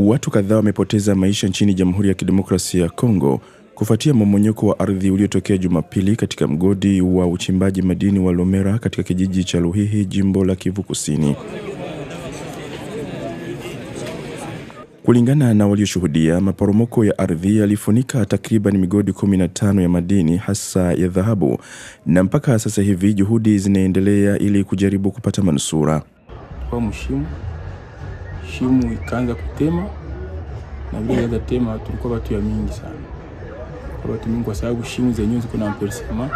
Watu kadhaa wamepoteza maisha nchini Jamhuri ya Kidemokrasia ya Kongo kufuatia mmomonyoko wa ardhi uliotokea Jumapili katika mgodi wa uchimbaji madini wa Lomera katika kijiji cha Luhihi, jimbo la Kivu Kusini. Kulingana na walioshuhudia, maporomoko ya ardhi yalifunika takriban migodi 15 ya madini hasa ya dhahabu, na mpaka sasa hivi juhudi zinaendelea ili kujaribu kupata manusura kwa mshimu shimo ikaanza kutema, na vile ikaanza tema, tulikuwa watu ya mingi sana, kwa watu mingi, kwa sababu shimo zenyewe ziko na ampersema.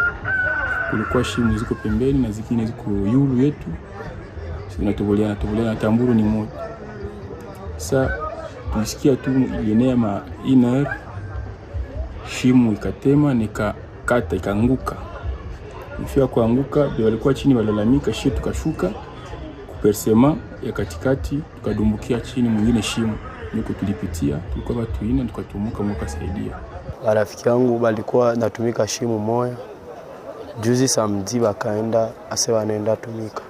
Kulikuwa shimo ziko pembeni na zingine ziko yulu yetu, tunatoboleana toboleana na tamburu ni moja. Sasa tulisikia tu yenea ma iner shimo ikatema, nikakata ikaanguka. Ifia kuanguka, walikuwa chini walalamika, shi tukashuka kupersema ya katikati tukadumbukia chini, mwingine shimo niko tulipitia, tulikuwa watu ine, tukatumuka mwaka saidia. Rafiki yangu balikuwa natumika shimo moya, juzi samdi bakaenda ase wanaenda tumika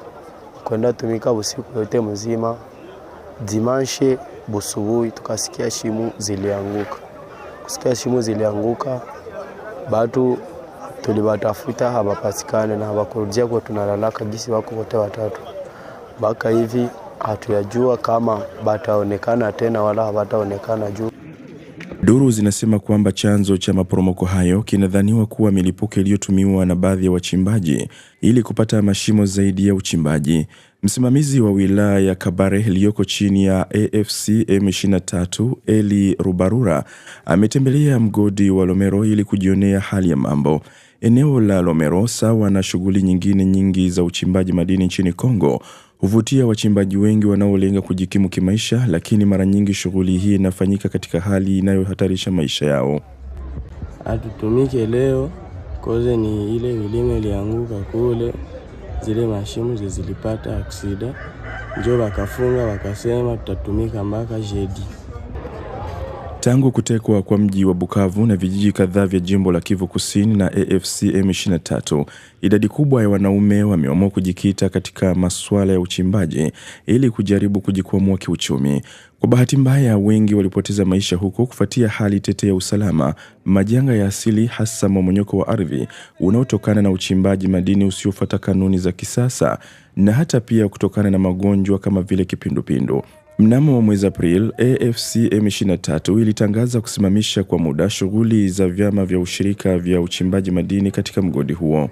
kwenda tumika busiku yote mzima, dimanche busubuhi tukasikia shimu zilianguka. Kusikia shimu zilianguka, batu tulibatafuta habapatikane na habakurudia kwa tunalalaka gisi wako wote watatu baka hivi hatuyajua kama bataonekana tena wala hawataonekana juu. Duru zinasema kwamba chanzo cha maporomoko hayo kinadhaniwa kuwa milipuko iliyotumiwa na baadhi ya wa wachimbaji ili kupata mashimo zaidi ya uchimbaji. Msimamizi wa wilaya ya Kabare iliyoko chini ya AFC M23 Eli Rubarura ametembelea mgodi wa Lomero ili kujionea hali ya mambo. Eneo la Lomero, sawa na shughuli nyingine nyingi za uchimbaji madini nchini Kongo, Huvutia wachimbaji wengi wanaolenga kujikimu kimaisha lakini mara nyingi shughuli hii inafanyika katika hali inayohatarisha maisha yao. Hatutumike leo koze ni ile milima ilianguka kule, zile mashimo zilipata aksida, njo wakafunga wakasema tutatumika mpaka jedi. Tangu kutekwa kwa mji wa Bukavu na vijiji kadhaa vya jimbo la Kivu Kusini na AFC M23, idadi kubwa ya wanaume wameamua kujikita katika masuala ya uchimbaji ili kujaribu kujikwamua kiuchumi. Kwa bahati mbaya, wengi walipoteza maisha huko kufuatia hali tete ya usalama, majanga ya asili, hasa mmomonyoko wa ardhi unaotokana na uchimbaji madini usiofuata kanuni za kisasa, na hata pia kutokana na magonjwa kama vile kipindupindu. Mnamo mwezi Aprili, AFC M23 ilitangaza kusimamisha kwa muda shughuli za vyama vya ushirika vya uchimbaji madini katika mgodi huo.